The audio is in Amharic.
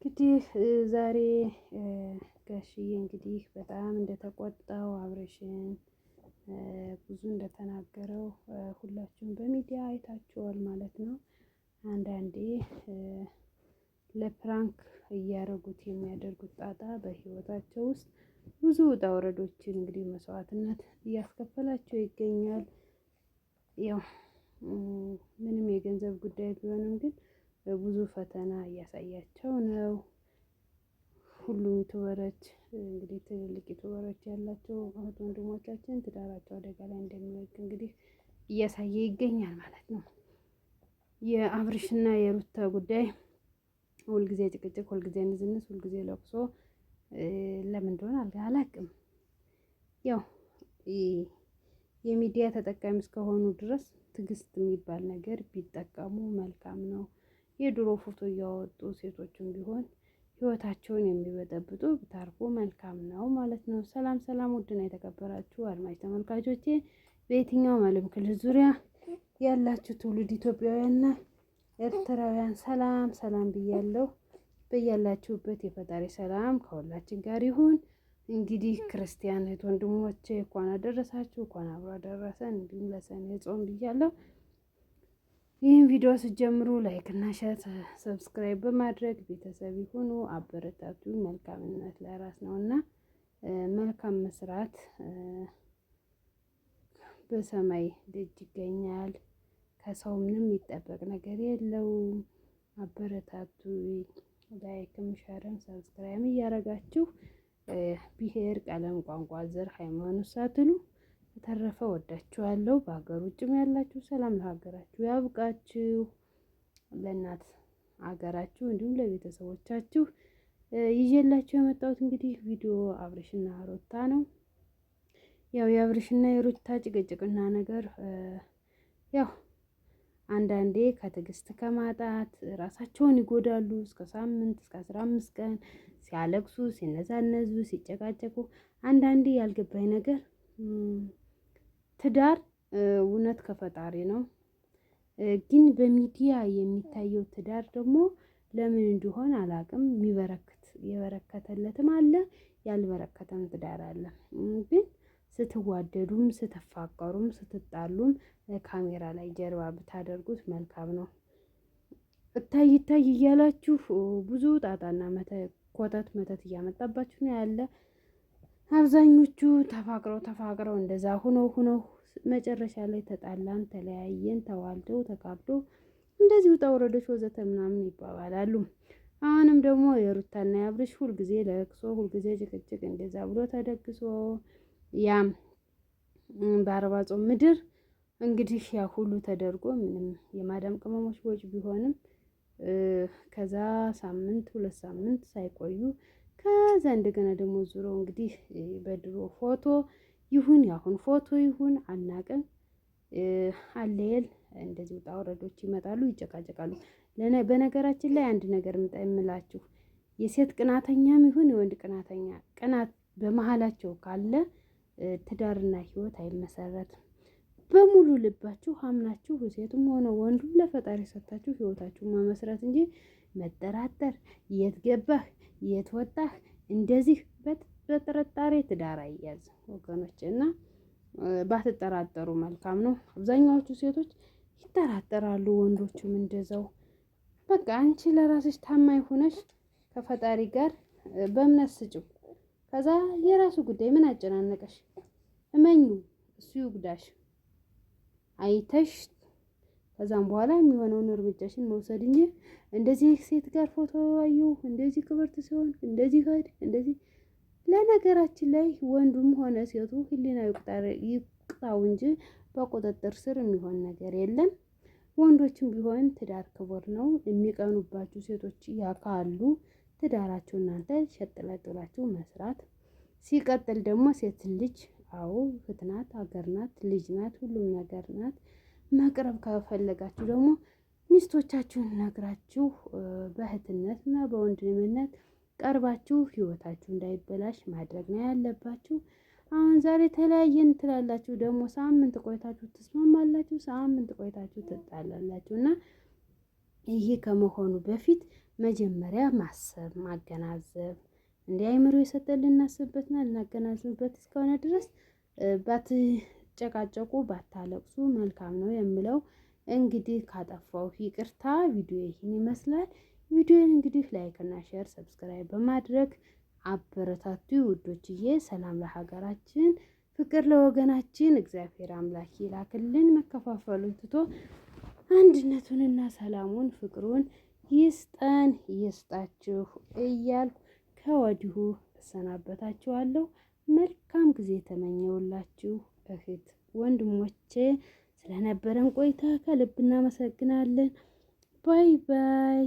እንግዲህ ዛሬ ጋሽዬ እንግዲህ በጣም እንደተቆጣው አብሬሽን ብዙ እንደተናገረው ሁላችሁም በሚዲያ አይታችኋል ማለት ነው። አንዳንዴ ለፕራንክ እያደረጉት የሚያደርጉት ጣጣ በህይወታቸው ውስጥ ብዙ ውጣ ውረዶችን እንግዲህ መስዋዕትነት እያስከፈላቸው ይገኛል። ያው ምንም የገንዘብ ጉዳይ ቢሆንም ግን ብዙ ፈተና እያሳያቸው ነው። ሁሉም ዩቱበሮች እንግዲህ ትልልቅ ዩቱበሮች ያላቸው እህት ወንድሞቻችን ትዳራቸው አደጋ ላይ እንደሚወድቅ እንግዲህ እያሳየ ይገኛል ማለት ነው። የአብርሽና የሩታ ጉዳይ ሁልጊዜ ጭቅጭቅ፣ ሁልጊዜ ንዝንዝ፣ ሁልጊዜ ለቅሶ ለምን እንደሆነ አላቅም። ያው የሚዲያ ተጠቃሚ እስከሆኑ ድረስ ትዕግስት የሚባል ነገር ቢጠቀሙ መልካም ነው። የድሮ ፎቶ እያወጡ ሴቶችም ቢሆን ህይወታቸውን የሚበጠብጡ ብታርፉ መልካም ነው ማለት ነው። ሰላም ሰላም! ውድና የተከበራችሁ አድማጭ ተመልካቾቼ በየትኛውም ዓለም ክልል ዙሪያ ያላችሁ ትውልድ ኢትዮጵያውያንና ኤርትራውያን ሰላም ሰላም ብያለሁ። በያላችሁበት የፈጣሪ ሰላም ከሁላችን ጋር ይሁን። እንግዲህ ክርስቲያን እህት ወንድሞቼ እንኳን አደረሳችሁ፣ እንኳን አብሮ አደረሰን። እንዲሁም ለሰኔ ጾም ብያለሁ። ይህን ቪዲዮ ስጀምሩ ላይክ እና ሸር ሰብስክራይብ በማድረግ ቤተሰብ ይሁኑ፣ አበረታቱ። መልካምነት ለራስ ነው እና መልካም መስራት በሰማይ ደጅ ይገኛል። ከሰው ምንም የሚጠበቅ ነገር የለውም። አበረታቱ። ላይክም ሸርም ሰብስክራይብ እያደረጋችሁ ብሔር፣ ቀለም፣ ቋንቋ፣ ዘር፣ ሃይማኖት ሳትሉ በተረፈ ወዳችኋለሁ። በሀገር ውጭም ያላችሁ ሰላም ለሀገራችሁ ያብቃችሁ። ለእናት ሀገራችሁ እንዲሁም ለቤተሰቦቻችሁ ይዤላችሁ የመጣሁት እንግዲህ ቪዲዮ አብርሽና ሩታ ነው። ያው የአብርሽና የሩታ ጭቅጭቅና ነገር ያው አንዳንዴ ከትዕግስት ከማጣት ራሳቸውን ይጎዳሉ። እስከ ሳምንት እስከ አስራ አምስት ቀን ሲያለቅሱ፣ ሲነዛነዙ፣ ሲጨቃጨቁ አንዳንዴ ያልገባኝ ነገር ትዳር እውነት ከፈጣሪ ነው። ግን በሚዲያ የሚታየው ትዳር ደግሞ ለምን እንደሆነ አላቅም የሚበረክት የበረከተለትም አለ ያልበረከተም ትዳር አለ። ግን ስትዋደዱም ስትፋቀሩም ስትጣሉም ካሜራ ላይ ጀርባ ብታደርጉት መልካም ነው። እታይ እታይ እያላችሁ ብዙ ጣጣና መተ ኮተት መተት እያመጣባችሁ ነው ያለ አብዛኞቹ ተፋቅረው ተፋቅረው እንደዛ ሁኖ ሁኖ መጨረሻ ላይ ተጣላን፣ ተለያየን፣ ተዋልዶ ተካብዶ እንደዚሁ ውጣ ወረዶች ወዘተ ምናምን ይባባላሉ። አሁንም ደግሞ የሩታና የአብርሽ ሁልጊዜ ለቅሶ፣ ሁልጊዜ ጭቅጭቅ እንደዛ ብሎ ተደግሶ ያም በአርባ ጾም ምድር እንግዲህ ያ ሁሉ ተደርጎ ምንም የማዳም ቅመሞች ወጭ ቢሆንም ከዛ ሳምንት ሁለት ሳምንት ሳይቆዩ ከዛ እንደገና ደግሞ ዙሮ እንግዲህ በድሮ ፎቶ ይሁን ያሁን ፎቶ ይሁን አናቅም። አለየል እንደዚህ ውጣ ይመጣሉ፣ ይጨቃጨቃሉ። በነገራችን ላይ አንድ ነገር የምላችሁ የሴት ቅናተኛም ይሁን የወንድ ቅናተኛ ቅናት በመሀላቸው ካለ ትዳርና ህይወት አይመሰረትም። በሙሉ ልባችሁ አምናችሁ ሴቱም ሆነ ወንዱም ለፈጣሪ ሰጥታችሁ ህይወታችሁን መመስረት እንጂ መጠራጠር፣ የት ገባህ የት ወጣህ እንደዚህ በጥርጣሬ ትዳር አያዝ ወገኖች እና ባትጠራጠሩ መልካም ነው። አብዛኛዎቹ ሴቶች ይጠራጠራሉ፣ ወንዶቹም እንደዛው። በቃ አንቺ ለራስሽ ታማኝ ሆነሽ ከፈጣሪ ጋር በእምነት ስጭው። ከዛ የራሱ ጉዳይ ምን አጨናነቀሽ? እመኙ፣ እሱ ይጉዳሽ። አይተሽ ከዛም በኋላ የሚሆነውን እርምጃሽን መውሰድ እንጂ እንደዚህ ሴት ጋር ፎቶ አየሁ፣ እንደዚህ ክብርት ሲሆን፣ እንደዚህ ሄድ፣ እንደዚህ ለነገራችን ላይ ወንዱም ሆነ ሴቱ ህሊና ይቅጣው እንጂ በቁጥጥር ስር የሚሆን ነገር የለም። ወንዶችም ቢሆን ትዳር ክቡር ነው። የሚቀኑባችሁ ሴቶች ያካሉ ትዳራችሁ እናንተ ሸጥለጥላችሁ መስራት ሲቀጥል ደግሞ ሴት ልጅ አዎ እህት ናት፣ አገር ናት፣ ልጅ ናት፣ ሁሉም ነገር ናት። መቅረብ ከፈለጋችሁ ደግሞ ሚስቶቻችሁን ነግራችሁ በእህትነት እና በወንድምነት ቀርባችሁ ህይወታችሁ እንዳይበላሽ ማድረግ ነው ያለባችሁ። አሁን ዛሬ ተለያየን ትላላችሁ፣ ደግሞ ሳምንት ቆይታችሁ ትስማማላችሁ፣ ሳምንት ቆይታችሁ ትጣላላችሁ እና ይሄ ከመሆኑ በፊት መጀመሪያ ማሰብ ማገናዘብ እንዲህ አይምሮ የሰጠን ልናስብበትና ልናገናዝብበት እስከሆነ ድረስ ባትጨቃጨቁ ባታለቅሱ መልካም ነው የምለው። እንግዲህ ካጠፋው ይቅርታ። ቪዲዮ ይህን ይመስላል። ቪዲዮን እንግዲህ ላይክና ሼር ሰብስክራይብ በማድረግ አበረታቱ ውዶችዬ። ሰላም ለሀገራችን፣ ፍቅር ለወገናችን እግዚአብሔር አምላክ ይላክልን። መከፋፈሉን ትቶ አንድነቱንና ሰላሙን ፍቅሩን ይስጠን ይስጣችሁ እያልኩ ከወዲሁ እሰናበታችኋለሁ። መልካም ጊዜ ተመኘውላችሁ እህት ወንድሞቼ። ስለነበረን ቆይታ ከልብ እናመሰግናለን። ባይ ባይ።